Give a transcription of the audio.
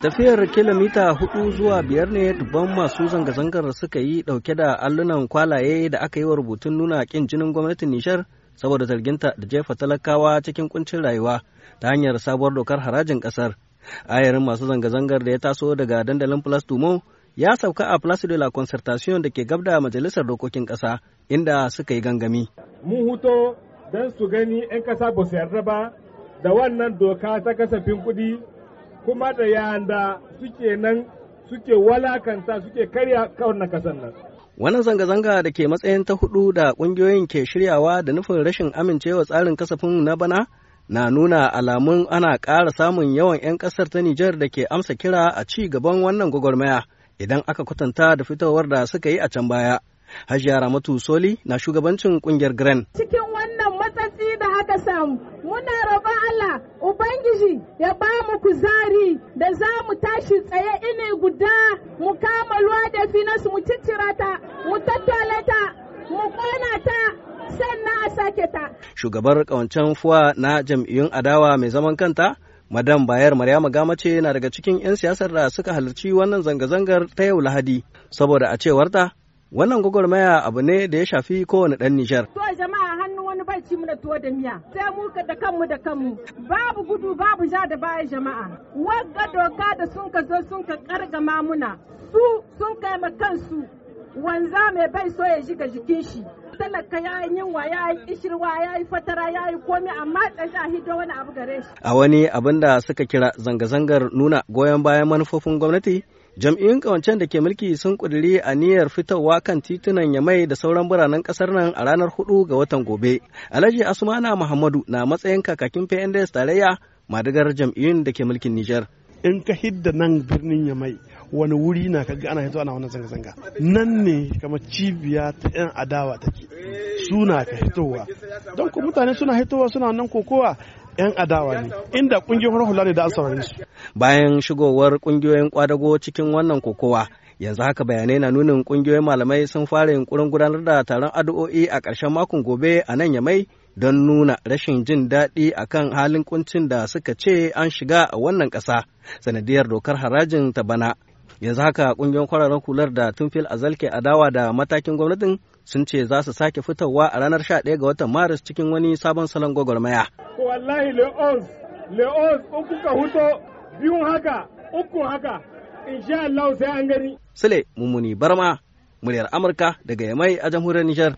Tafiyar kilomita hudu zuwa biyar ne dubban masu zanga-zangar suka yi dauke da allunan kwalaye da aka yi wa rubutun nuna kin jinin gwamnatin Nishar saboda zarginta da jefa talakawa cikin kuncin rayuwa ta hanyar sabuwar dokar harajin kasar. Ayarin masu zanga-zangar da ya taso daga dandalin Plus Tumo ya sauka a plus de la Concertation da ke gabda majalisar dokokin kasa inda suka yi gangami. mu huto don su gani 'yan kasa ba su yarda ba da wannan doka ta kasafin kuɗi kuma da yanda suke nan suke walakanta suke karya na kasan nan. Wannan zanga-zanga da ke matsayin ta hudu da ƙungiyoyin ke shiryawa da nufin rashin amincewa tsarin kasafin na bana na nuna alamun ana ƙara samun yawan 'yan ƙasar ta Nijar da ke amsa kira a ci gaban wannan gwagwarmaya idan aka kwatanta da fitowar da suka yi a can baya. Hajiya Ramatu Soli na shugabancin ƙungiyar Gren. Cikin wannan matsatsi da aka samu, muna roƙon Allah Ubangiji ya ba mu kuzari. da za mu tashi tsaye ine guda mu kama ruwa da finas mu cicira ta mu tattale ta mu kona ta sannan a sake ta. Shugabar ƙawancen fuwa na jam'iyyun adawa mai zaman kanta Madam Bayar Maryama ce na daga cikin 'yan siyasar da suka halarci wannan zanga-zangar ta yau Lahadi, saboda a cewarta Wannan gwagwarmaya abu ne da ya shafi kowane ɗan Nijar. To jama'a hannu wani bai ci mana tuwo da miya. Sai mu da kanmu da kanmu. Babu gudu babu ja da baya jama'a. Wagga doka da sun ka zo sun ka karga muna. Su sun kai ma kansu. Wanza mai bai so ya shiga jikin shi. talaka ya yi yinwa ya yi kishirwa ya yi fatara ya yi komai, amma ɗan da wani abu gare shi. A wani abin da suka kira zanga-zangar nuna goyon bayan manufofin gwamnati jam'iyyun kawancen da ke mulki sun ƙudiri aniyar fitowa kan titunan yamai da sauran biranen ƙasar nan a ranar hudu ga watan gobe alhaji asmana muhammadu na matsayin kakakin pnds tarayya madigar jam'iyyun da ke mulkin nijar in ka hidda nan birnin yamai wani wuri na kaga ana hito ana wannan zanga-zanga nan ne kama cibiya ta 'yan adawa take suna ka hitowa don ku mutane suna hitowa suna nan kokowa 'yan adawa ne inda kungiyoyin ne da an Bayan shigowar kungiyoyin kwadago cikin wannan kokowa yanzu haka bayanai na nunin kungiyoyin malamai sun fara yunkurin gudanar da taron addu'o'i a ƙarshen makon gobe a nan yamai don nuna rashin jin daɗi akan halin kuncin da suka ce an shiga a wannan ƙasa sanadiyar dokar harajin ta bana yanzu haka kungiyoyin kwararren hular da tun fil zalke adawa da matakin gwamnatin sun ce za su sake fitowa a ranar 11 ga watan maris cikin wani sabon salon gwagwarmaya. wallahi le'os 11 uku ka huto biyun haka uku haka insha Allah sai an gani sule mumuni barma muryar amurka daga yamai a jamhuriyar nijar